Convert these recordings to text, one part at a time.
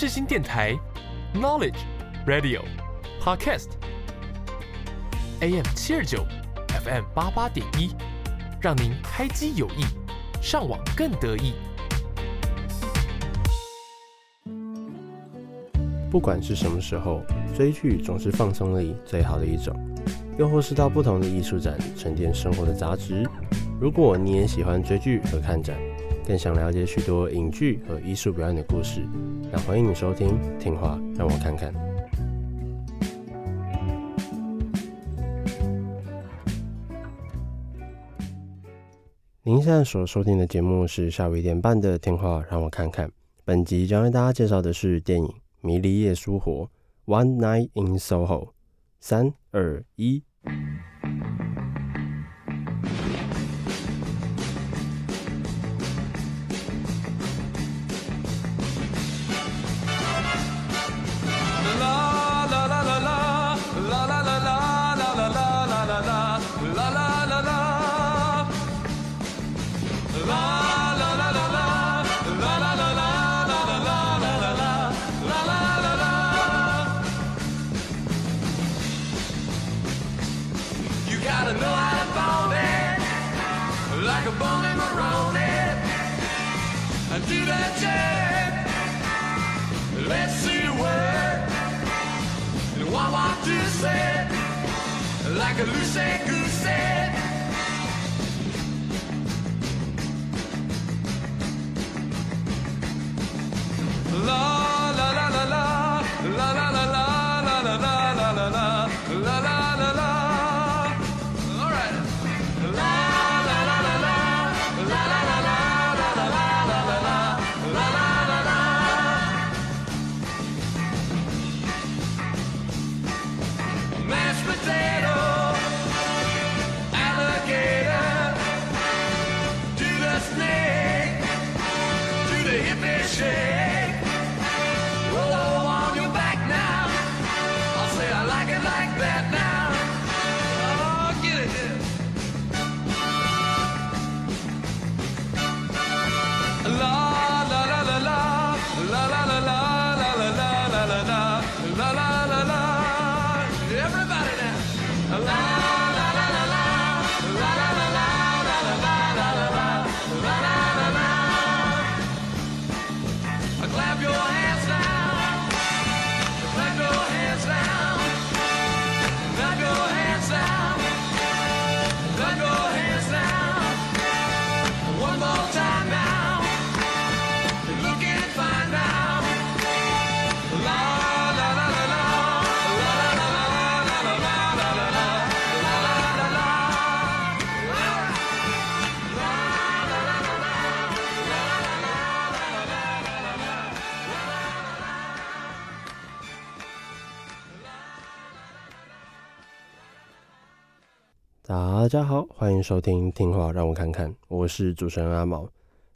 世新電台，Knowledge Radio Podcast，AM 七二九，FM 八八點一，讓您開機有益，上網更得意。不管是什麼時候，追劇總是放鬆的最好的一種，又或是到不同的藝術展沉澱生活的雜質。如果你也喜歡追劇和看展。更想了解許多影劇和藝術表演的故事，那歡迎你收聽《聽話讓我看看》。 您現在所收聽的節目是下午一點半的《聽話讓我看看》。本集將為大家介紹的是電影《迷離夜蘇活》One Night in Soho。三二一。大家好，歡迎收聽《聽話讓我看看》，我是主持人阿毛。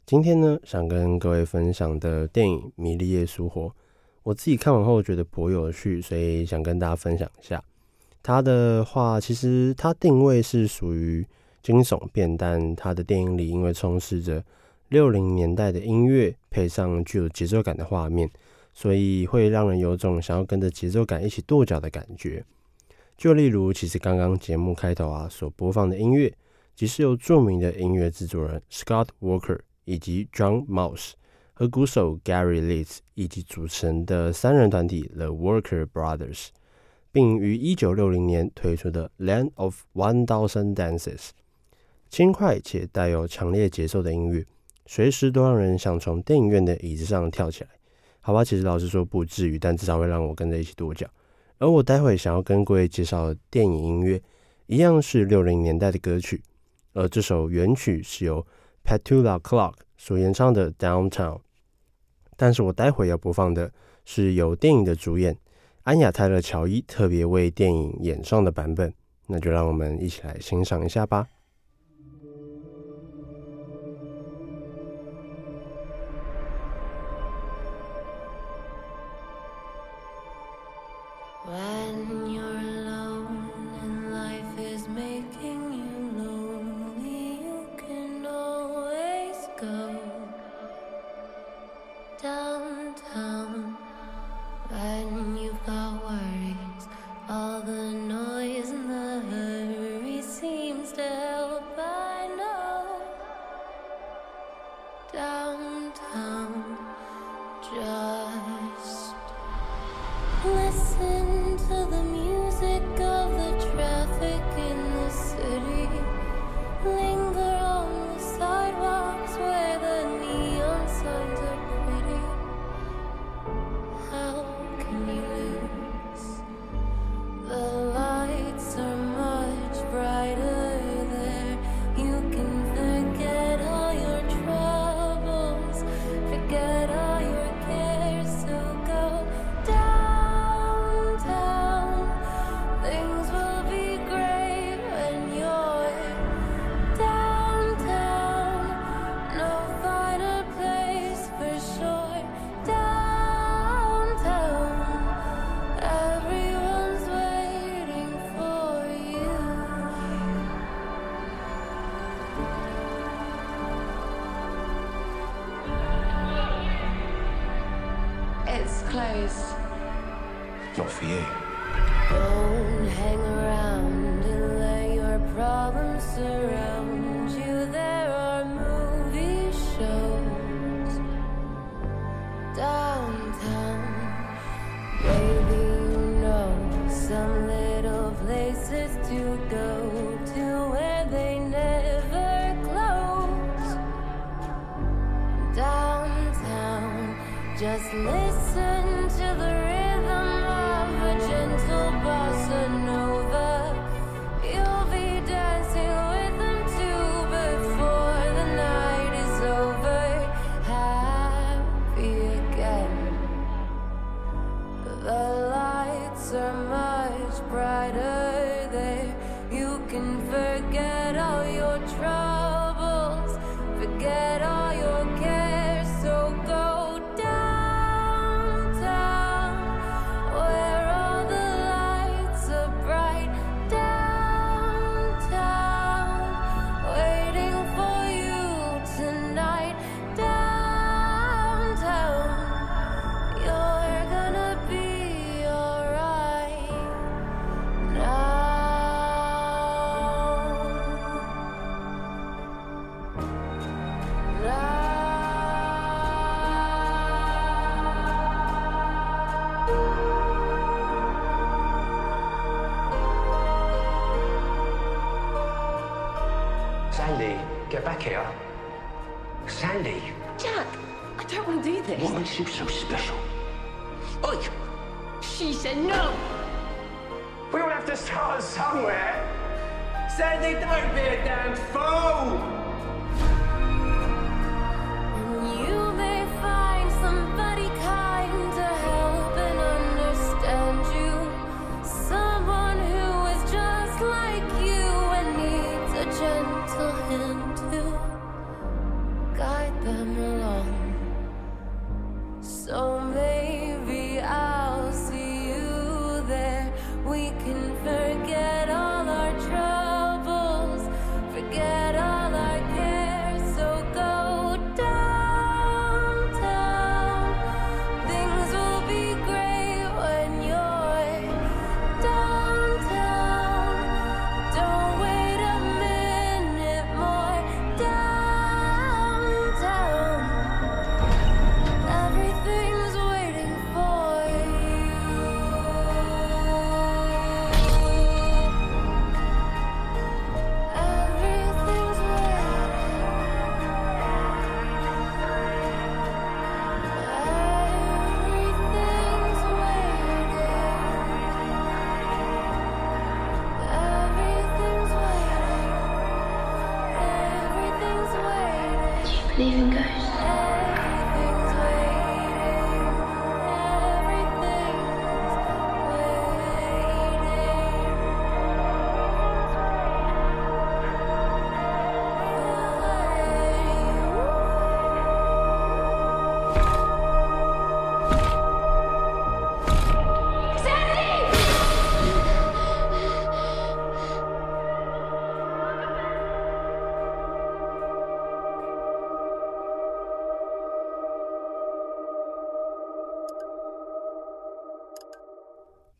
今天呢，想跟各位分享的電影《迷離夜蘇活》，我自己看完後覺得頗有趣，所以想跟大家分享一下。他的話，其實他定位是屬於驚悚片，但他的電影裡因為充斥着六零年代的音樂，配上具有節奏感的畫面，所以會讓人有種想要跟着節奏感一起跺腳的感覺。就例如，其實剛剛節目開頭啊，所播放的音樂，即是由著名的音樂製作人 Scott Walker 以及 John Mouse 和鼓手 Gary Leeds 一起組成的三人團體 The Walker Brothers，並於一九六零年推出的1000《Land of One Thousand Dances》，輕快且帶有強烈節奏的音樂，隨時都讓人想從電影院的椅子上跳起來。好吧，其實老實說不至於，但至少會讓我跟着一起跺腳。而我待會想要跟各位介紹的電影音樂，一樣是六零年代的歌曲，而這首原曲是由 Petula Clark 所演唱的 Downtown，但是我待會要播放的是由電影的主演安雅泰勒喬伊特別為電影演唱的版本，那就讓我們一起來欣賞一下吧。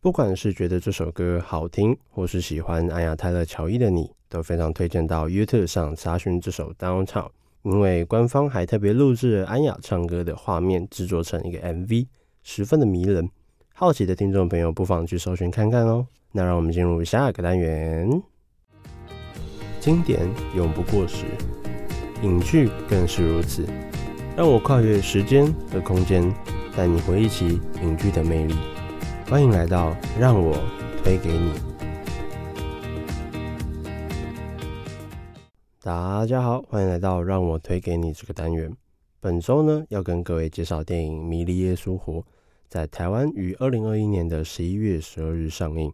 不管是覺得這首歌好聽，或是喜歡安雅泰勒喬伊的你，都非常推薦到 YouTube 上查詢這首《Downtown》，因為官方還特別錄製了安雅唱歌的畫面，製作成一個 MV，十分的迷人。好奇的聽眾朋友，不妨去搜尋看看哦。那讓我們進入下一個單元。經典永不過時，影劇更是如此。讓我跨越時間和空間，帶你回憶起影劇的魅力。歡迎來到讓我推給你。大家好，歡迎來到讓我推給你這個單元。本周呢，要跟各位介紹電影《迷離夜蘇活》，在台灣於二零二一年的十一月十二日上映。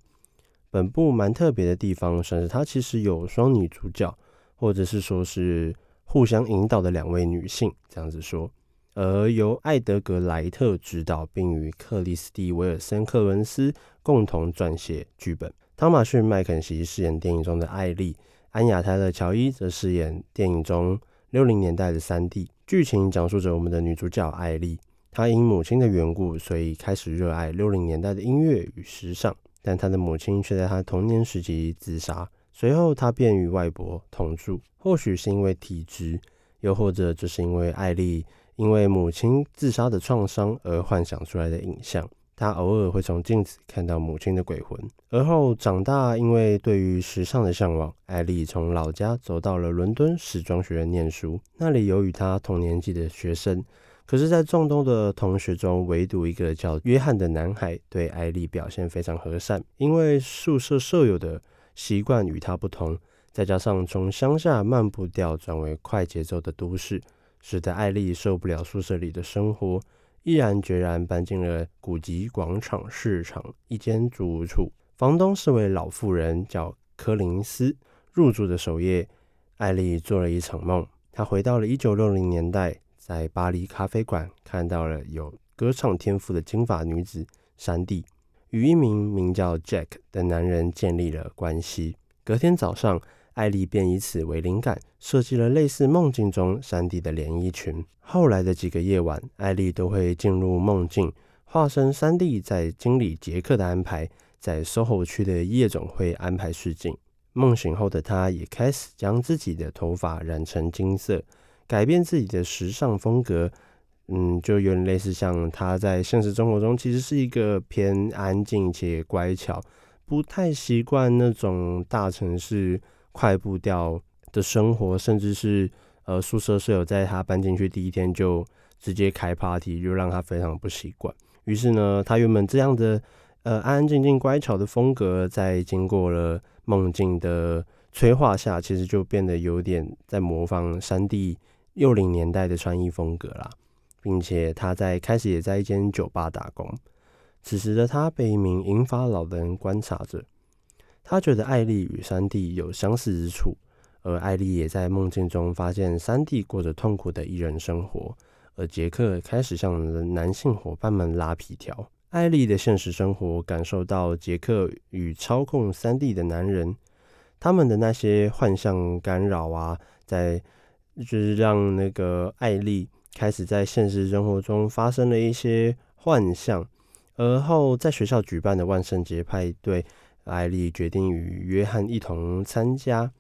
本部蠻特別的地方，算是它其實有雙女主角，或者是說是互相引導的兩位女性，這樣子說。而由艾德·格萊特執導，並與克里斯蒂·維爾森·克倫斯共同撰寫劇本。湯馬遜·麥肯錫飾演電影中的艾莉，安雅·泰勒·喬伊則飾演電影中六零年代的珊蒂。劇情講述着我們的女主角艾莉，她因母親的緣故，所以開始熱愛六零年代的音樂與時尚。但她的母親卻在她童年時期自殺，隨後她便與外婆同住。或許是因為體質，又或者就是因為艾莉。因為母親自殺的創傷而幻想出來的影像，她偶爾會從鏡子看到母親的鬼魂。而後長大，因為對於時尚的向往，艾莉從老家走到了倫敦時裝學院念書。那裡有與她同年紀的學生，可是，在眾多的同學中，唯獨一個叫約翰的男孩對艾莉表現非常和善。因為宿舍舍友的習慣與她不同，再加上從鄉下慢步調轉為快節奏的都市。使得艾莉受不了宿舍裡的生活，毅然決然搬進了古籍廣場市場一間住處。房東是位老婦人，叫柯林斯。入住的首夜，艾莉做了一場夢，她回到了1960年代，在巴黎咖啡館看到了有歌唱天賦的金髮女子珊蒂，與一名名叫 Jack 的男人建立了關係。隔天早上，艾莉便以此為靈感，設計了類似夢境中珊蒂的連衣裙。後來的幾個夜晚，艾莉都會進入夢境，化身珊蒂，在經理傑克的安排，在蘇活區的夜總會安排試鏡。夢醒後的她也開始將自己的頭髮染成金色，改變自己的時尚風格。嗯，就有點類似像她在現實生活中其實是一個偏安靜且乖巧，不太習慣那種大城市。快步調的生活，甚至是呃，宿舍室友在他搬進去第一天就直接開 party，就讓他非常不習慣。於是呢，他原本這樣的呃安安靜靜、乖巧的風格，在經過了夢境的催化下，其實就變得有點在模仿珊蒂六零年代的穿衣風格啦。並且他在開始也在一間酒吧打工。此時的他被一名銀髮老人觀察着。他覺得艾莉與珊蒂有相似之處，而艾莉也在夢境中發現珊蒂過着痛苦的一人生活，而傑克開始向男性夥伴們拉皮條。艾莉的現實生活感受到傑克與操控珊蒂的男人，他們的那些幻象干擾啊，在就是讓那個艾莉開始在現實生活中發生了一些幻象，而後在學校舉辦的萬聖節派對，艾莉決定與約翰一同參加，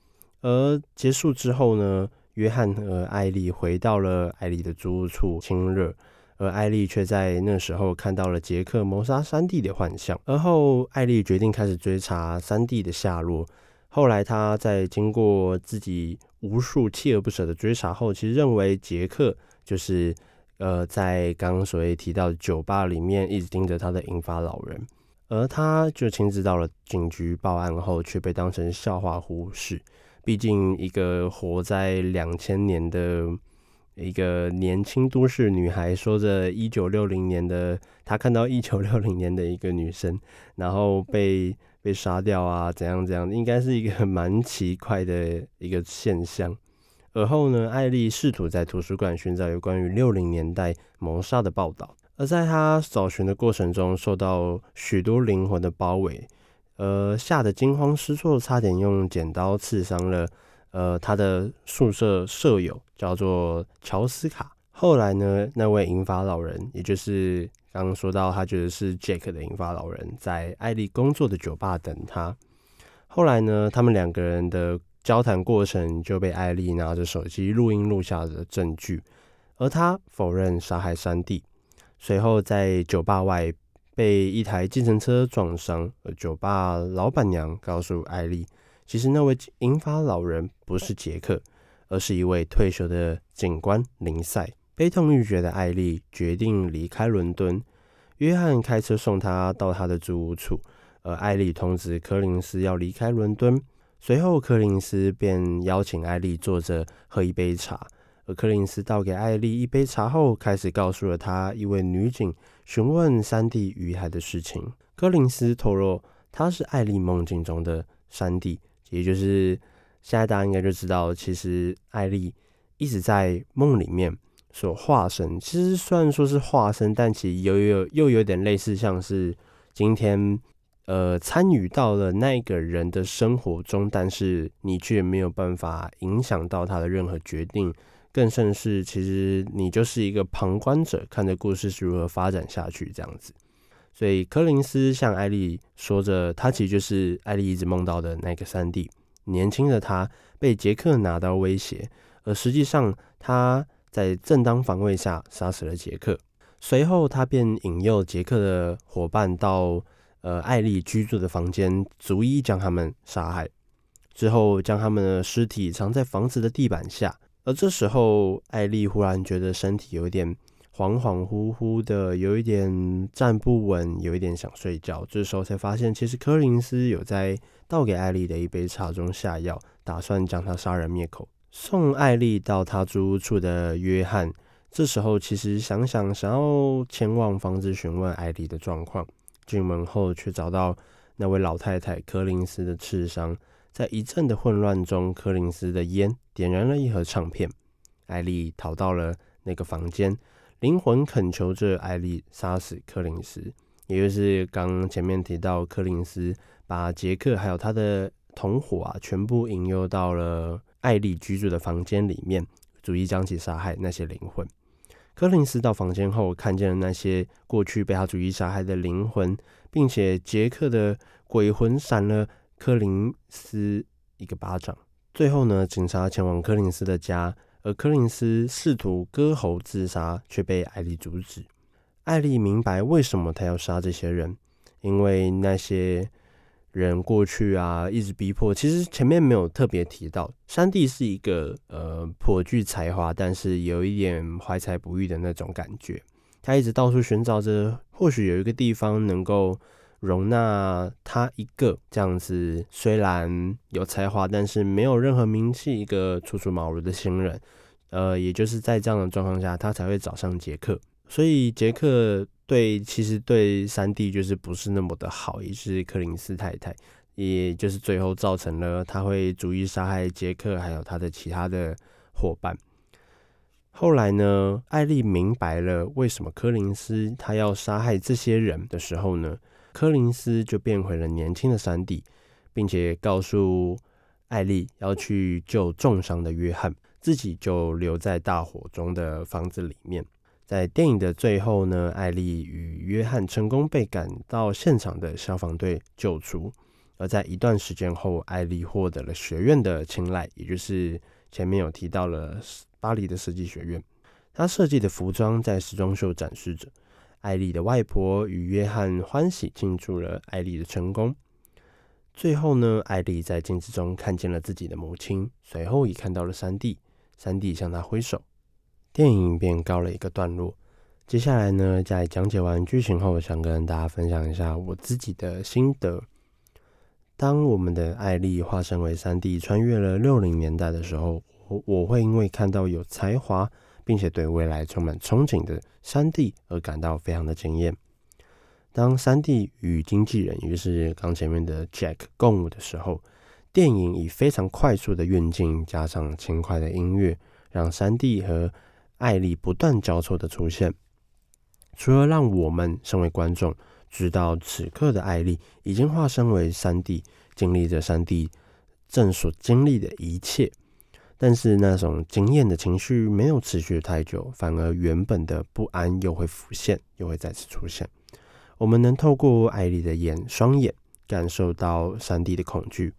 而結束之後呢，約翰和艾莉回到了艾莉的租屋處親熱，而艾莉卻在那時候看到了傑克謀殺珊蒂的幻象。而後，艾莉決定開始追查珊蒂的下落。後來，他在經過自己無數鍥而不舍的追查後，其實認為杰克就是呃，在剛剛所謂提到的酒吧裡面一直盯着他的銀髮老人。而他就親自到了警局報案後，卻被當成笑話忽視。畢竟，一個活在兩千年的一個年輕都市女孩，說着一九六零年的，她看到一九六零年的一個女生，然後被被殺掉啊，怎樣怎樣，應該是一個蠻奇怪的一個現象。而後呢，艾麗試圖在圖書館尋找有關於六零年代謀殺的報道。而在他找尋的過程中，受到許多靈魂的包圍，呃，嚇得驚慌失措，差點用剪刀刺傷了，呃，他的宿舍舍友叫做喬斯卡。後來呢，那位銀髮老人，也就是剛剛說到他覺得是傑克的銀髮老人，在艾麗工作的酒吧等他。後來呢，他們兩個人的交談過程就被艾麗拿着手機錄音錄下了證據，而他否認殺害珊蒂。隨後，在酒吧外被一台計程車撞傷。而酒吧老板娘告訴艾麗，其實那位銀髮老人不是傑克，而是一位退休的警官林賽。悲痛欲絕的艾麗決定離開倫敦。約翰開車送她到她的住屋處，而艾麗通知柯林斯要離開倫敦。隨後，柯林斯便邀請艾麗坐着喝一杯茶。而柯林斯倒給艾莉一杯茶後，開始告訴了她一位女警詢問珊蒂遇害的事情。柯林斯透露，他是艾莉夢境中的珊蒂，也就是現在大家應該就知道，其實艾莉一直在夢裡面所化身。其實雖然說是化身，但其實有有又有點類似，像是今天呃參與到了那個人的生活中，但是你卻沒有辦法影響到他的任何決定。更甚是，其實你就是一個旁觀者，看着故事是如何發展下去這樣子。所以，柯林斯向艾麗說着，他其實就是艾麗一直夢到的那個紳士。年輕的他被傑克拿刀威脅，而實際上他在正當防衛下殺死了傑克。隨後，他便引誘傑克的夥伴到呃艾麗居住的房間，逐一將他們殺害，之後將他們的屍體藏在房子的地板下。而這時候，艾麗忽然覺得身體有一點恍恍惚惚的，有一點站不穩，有一點想睡覺。這時候才發現，其實柯林斯有在倒給艾麗的一杯茶中下藥，打算將她殺人滅口。送艾麗到她租屋處的約翰，這時候其實想想想要前往房子詢問艾麗的狀況，進門後卻找到那位老太太柯林斯的刺傷。在一陣的混亂中，柯林斯的煙點燃了一盒唱片。艾莉逃到了那個房間，靈魂懇求着艾莉殺死柯林斯，也就是剛前面提到，柯林斯把杰克還有他的同夥啊，全部引誘到了艾莉居住的房間裡面，逐一將其殺害那些靈魂。柯林斯到房間後看見了那些過去被他逐一殺害的靈魂，並且傑克的鬼魂閃了。柯林斯一個巴掌，最後呢，警察前往柯林斯的家，而柯林斯試圖割喉自殺，卻被艾莉阻止。艾莉明白為什麼他要殺這些人，因為那些人過去啊一直逼迫。其實前面沒有特別提到，珊蒂是一個呃頗具才華，但是有一點懷才不遇的那種感覺，他一直到處尋找着，或許有一個地方能夠。容納他一個這樣子，雖然有才華，但是沒有任何名氣，一個初出茅廬的新人。呃，也就是在這樣的狀況下，他才會找上傑克。所以傑克對其實對珊蒂就是不是那麼的好，也是柯林斯太太，也就是最後造成了他會逐一殺害傑克還有他的其他的夥伴。後來呢，艾莉明白了為什麼柯林斯他要殺害這些人的時候呢？柯林斯就變回了年輕的珊蒂，並且告訴艾麗要去救重傷的約翰，自己就留在大火中的房子裡面。在電影的最後呢，艾麗與約翰成功被趕到現場的消防隊救出。而在一段時間後，艾麗獲得了學院的青睞，也就是前面有提到了巴黎的設計學院，她設計的服裝在時裝秀展示着。艾莉的外婆與約翰歡喜慶祝了艾莉的成功。最後呢，艾莉在鏡子中看見了自己的母親，隨後也看到了珊蒂。珊蒂向她揮手，電影便告了一個段落。接下來呢，在講解完劇情後，想跟大家分享一下我自己的心得。當我們的艾莉化身為珊蒂，穿越了六零年代的時候，我我會因為看到有才華。並且對未來充滿憧憬的珊蒂而感到非常的驚艷。當珊蒂與經紀人，於、就是剛前面的 Jack 共舞的時候，電影以非常快速的運鏡加上輕快的音樂，讓珊蒂和艾莉不斷交錯的出現，除了讓我們身為觀眾知道此刻的艾莉已經化身為珊蒂，經歷着珊蒂正所經歷的一切。但是那種驚艷的情緒沒有持續太久，反而原本的不安又會浮現，又會再次出現。我們能透過艾莉的眼雙眼，感受到珊蒂的恐懼。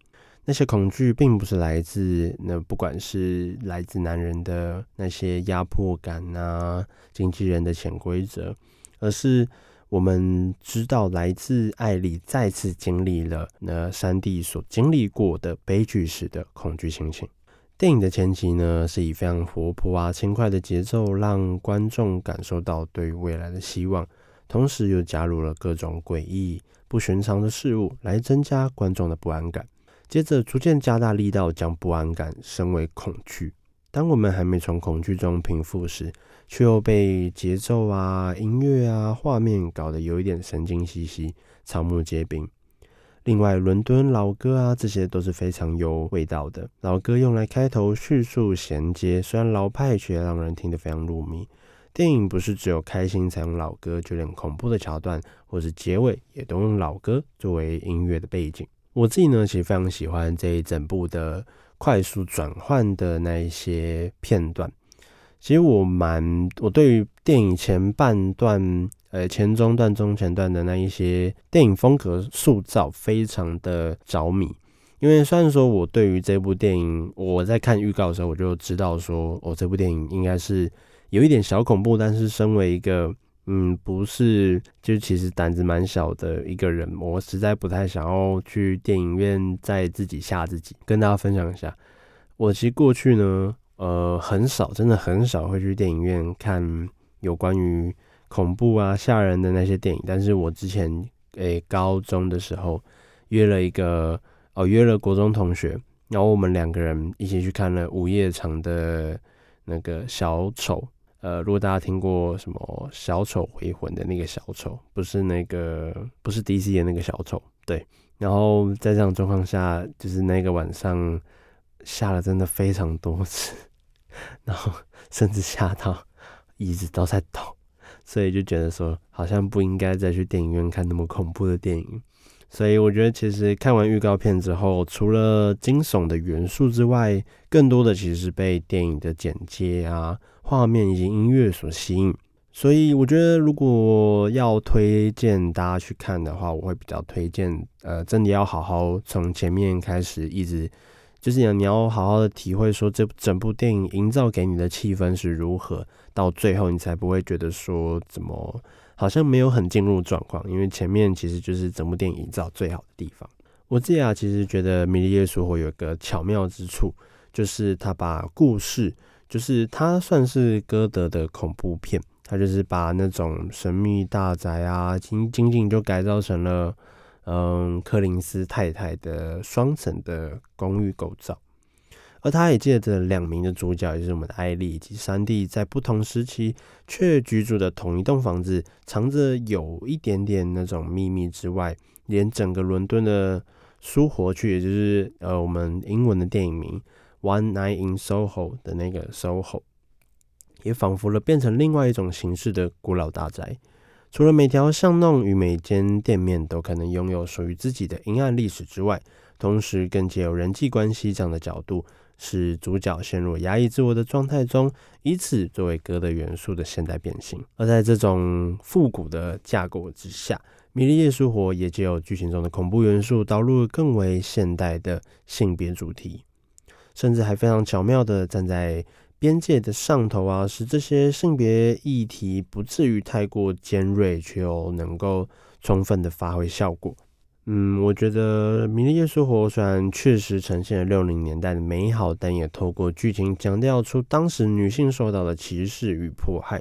那些恐懼並不是來自那，不管是來自男人的那些壓迫感啊，經紀人的潛規則，而是我們知道來自艾莉再次經歷了那珊蒂所經歷過的悲劇時的恐懼心情。電影的前期呢，是以非常活潑啊、輕快的節奏，讓觀眾感受到對未來的希望，同時又加入了各種詭異、不尋常的事物來增加觀眾的不安感。接着逐漸加大力道，將不安感升為恐懼。當我們還沒從恐懼中平復時，卻又被節奏啊、音樂啊、畫面搞得有一點神經兮兮、草木皆兵。另外，倫敦老歌啊，這些都是非常有味道的老歌，用來開頭、敘述、銜接。雖然老派，卻讓人聽得非常入迷。電影不是只有開心才用老歌，就連恐怖的橋段或是結尾，也都用老歌作為音樂的背景。我自己呢，其實非常喜歡這一整部的快速轉換的那一些片段。其實我蠻，我對於電影前半段。呃，前中段、中前段的那一些電影風格塑造非常的着迷，因為雖然說我對於這部電影，我在看預告的時候我就知道說，哦，這部電影應該是有一點小恐怖，但是身為一個嗯，不是就其實膽子蠻小的一個人，我實在不太想要去電影院再自己嚇自己。跟大家分享一下，我其實過去呢，呃，很少，真的很少會去電影院看有關於。恐怖啊，嚇人的那些電影。但是我之前誒、欸，高中的時候約了一個哦，約了國中同學，然後我們兩個人一起去看了午夜場的那個小丑。呃，如果大家聽過什麼小丑回魂的那個小丑，不是那個不是 DC 的那個小丑，對。然後在這種狀況下，就是那個晚上嚇了真的非常多次，然後甚至嚇到椅子都在抖。所以就覺得說，好像不應該再去電影院看那麼恐怖的電影。所以我覺得，其實看完預告片之後，除了驚悚的元素之外，更多的其實是被電影的剪接啊、畫面以及音樂所吸引。所以我覺得，如果要推薦大家去看的話，我會比較推薦，呃，真的要好好從前面開始一直。就是你要，你要好好的體會，說這整部電影營造給你的氣氛是如何，到最後你才不會覺得說怎麼好像沒有很進入狀況，因為前面其實就是整部電影營造最好的地方。我自己啊，其實覺得《迷離夜蘇活》會有個巧妙之處，就是他把故事，就是他算是歌德的恐怖片，他就是把那種神秘大宅啊，僅僅僅就改造成了。嗯，柯林斯太太的雙層的公寓構造，而他也借着兩名的主角，也就是我們的艾莉以及珊蒂，在不同時期卻居住的同一棟房子，藏着有一點點那種秘密之外，連整個倫敦的蘇活區，也就是呃我們英文的電影名《One Night in Soho》的那個 Soho，也仿佛了變成另外一種形式的古老大宅。除了每條巷弄與每間店面都可能擁有屬於自己的陰暗歷史之外，同時更借由人際關係這樣的角度，使主角陷入壓抑自我的狀態中，以此作為歌德元素的現代變形。而在這種復古的架構之下，迷離夜蘇活也借由劇情中的恐怖元素，導入了更為現代的性別主題，甚至還非常巧妙地站在邊界的上頭啊，使這些性別議題不至於太過尖銳，卻又能夠充分的發揮效果。嗯，我覺得《迷離夜蘇活》雖然確實呈現了六零年代的美好，但也透過劇情強調出當時女性受到的歧視與迫害，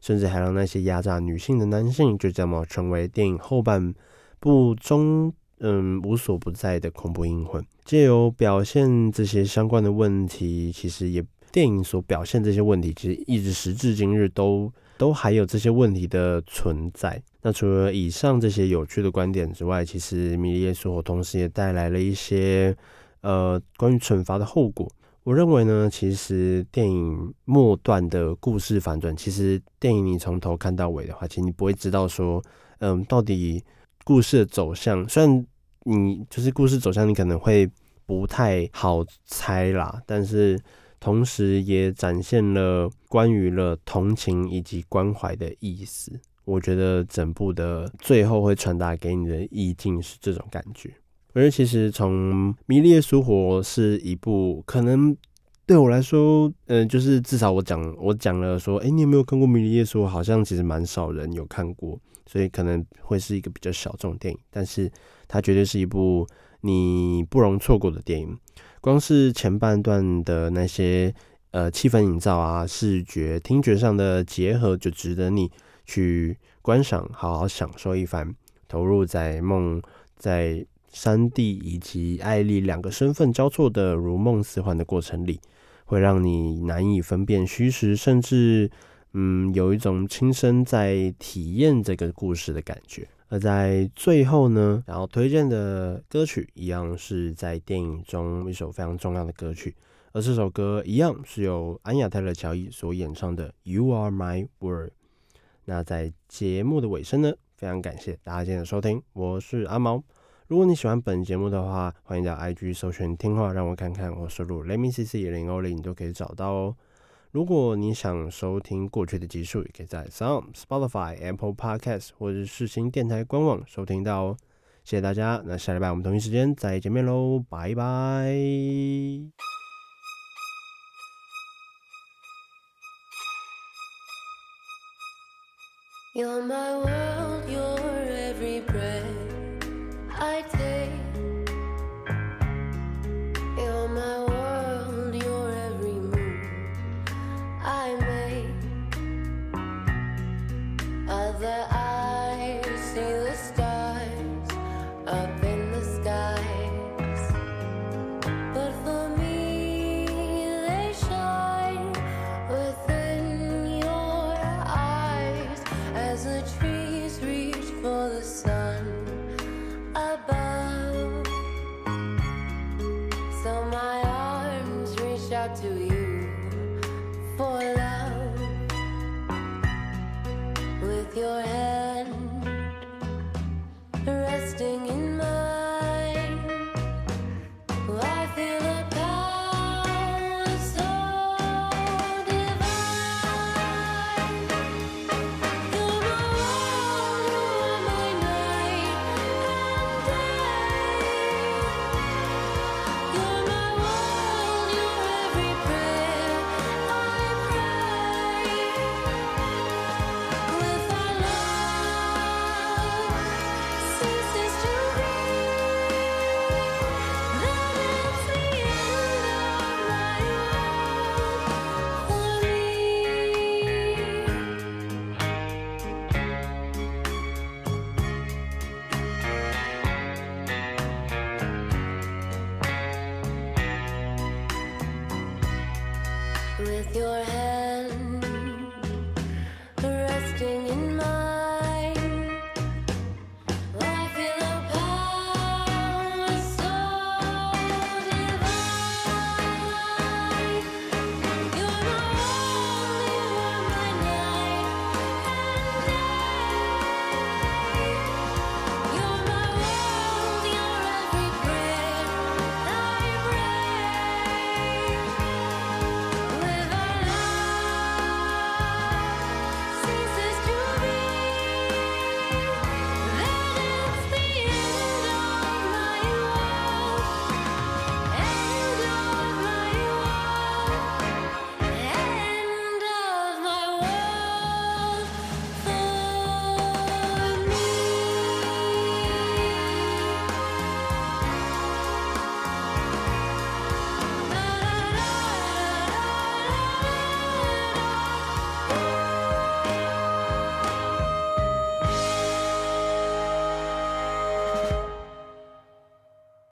甚至還讓那些壓榨女性的男性就這麼成為電影後半部中嗯無所不在的恐怖陰魂。借由表現這些相關的問題，其實也。電影所表現這些問題，其實一直時至今日都都還有這些問題的存在。那除了以上這些有趣的觀點之外，其實《迷離夜蘇活》同時也帶來了一些呃關於懲罰的後果。我認為呢，其實電影末段的故事反轉，其實電影你從頭看到尾的話，其實你不會知道說，嗯，到底故事的走向。雖然你就是故事走向，你可能會不太好猜啦，但是。同時，也展現了關於了同情以及關懷的意思。我覺得整部的最後會傳達給你的意境是這種感覺。而且其實，從《迷離夜蘇活》是一部可能對我來說，嗯，就是至少我講我講了說，哎，你有沒有看過《迷離夜蘇》，好像其實蠻少人有看過，所以可能會是一個比較小眾的電影。但是，它絕對是一部你不容錯過的電影。光是前半段的那些呃氣氛營造啊，視覺、聽覺上的結合，就值得你去觀賞，好好享受一番。投入在夢在珊蒂以及艾麗兩個身份交錯的如夢似幻的過程裡，會讓你難以分辨虛實，甚至嗯有一種親身在體驗這個故事的感覺。而在最後呢，然後推薦的歌曲一樣是在電影中一首非常重要的歌曲，而這首歌一樣是由安雅泰勒喬伊所演唱的《You Are My World》。那在節目的尾聲呢，非常感謝大家今天的收聽，我是阿毛。如果你喜歡本節目的話，歡迎到 IG 搜尋“聽話”，讓我看看我收入 “let me cc 0零零”你都可以找到哦。如果你想收聽過去的集數，也可以在 Sound、Spotify、Apple Podcasts 或者是世新電台官網收聽到哦。謝謝大家，那下禮拜我們同一時間再見面嘍，拜拜。You're my world